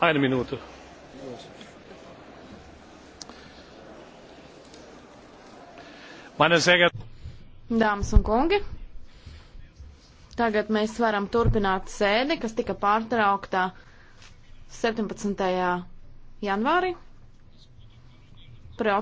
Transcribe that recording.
eine minute. meine sehr geehrten dāmas un kungi, tagad mēs varam turpināt sēdi, kas tika pārtraukta 17. janvārī. Pro